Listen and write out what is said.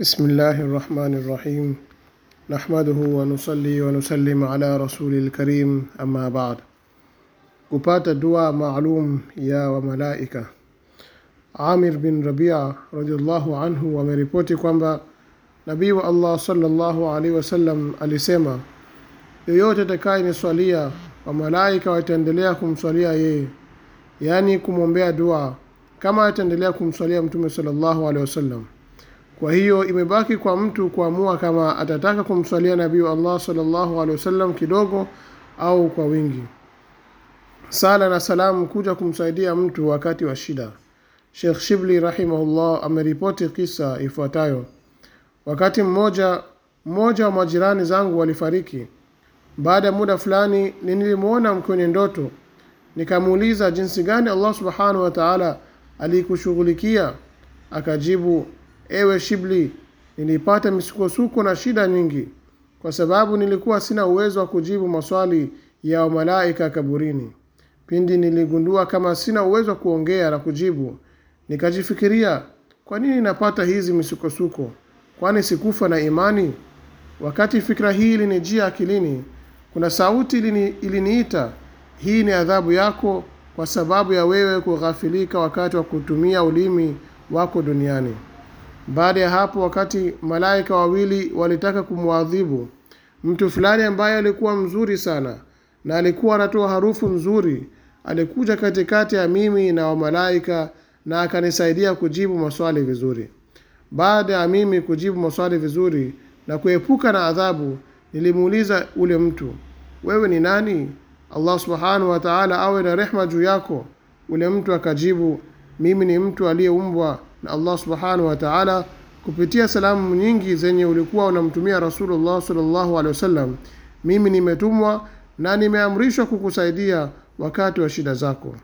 بسم الله الرحمن الرحيم نحمده ونصلي ونسلم على رسول الكريم أما بعد قبات دعاء معلوم يا وملائكة عامر بن ربيع رضي الله عنه ومريبوتي كومبا نبي الله صلى الله عليه وسلم أليسيما يوتا تكاين سواليا وملائكة ويتندليكم سواليا يي يعني بيا دعاء كما يتندليكم سواليا متومي صلى الله عليه وسلم Kwa hiyo imebaki kwa mtu kuamua kama atataka kumswalia Nabii Allah sallallahu alaihi wasallam kidogo au kwa wingi. Sala na salamu kuja kumsaidia mtu wakati wa shida. Sheikh Shibli rahimahullah ameripoti kisa ifuatayo. Wakati mmoja mmoja wa majirani zangu walifariki. Baada ya muda fulani nilimwona kwenye ndoto, nikamuuliza jinsi gani Allah subhanahu wa taala alikushughulikia. Akajibu, ewe Shibli, nilipata misukosuko na shida nyingi, kwa sababu nilikuwa sina uwezo wa kujibu maswali ya malaika kaburini. Pindi niligundua kama sina uwezo wa kuongea na kujibu, nikajifikiria, kwa nini napata hizi misukosuko? Kwani sikufa na imani? Wakati fikra hii ilinijia akilini, kuna sauti ilini, iliniita, hii ni adhabu yako kwa sababu ya wewe kughafilika wakati wa kutumia ulimi wako duniani. Baada ya hapo, wakati malaika wawili walitaka kumwadhibu mtu fulani ambaye alikuwa mzuri sana na alikuwa anatoa harufu nzuri, alikuja katikati ya mimi na wamalaika na akanisaidia kujibu maswali vizuri. Baada ya mimi kujibu maswali vizuri na kuepuka na adhabu, nilimuuliza ule mtu, wewe ni nani? Allah subhanahu wa taala awe na rehma juu yako. Ule mtu akajibu, mimi ni mtu aliyeumbwa na Allah subhanahu wa ta'ala kupitia salamu nyingi zenye ulikuwa unamtumia Rasulullah sallallahu alaihi wasallam. Mimi nimetumwa na nimeamrishwa kukusaidia wakati wa shida zako.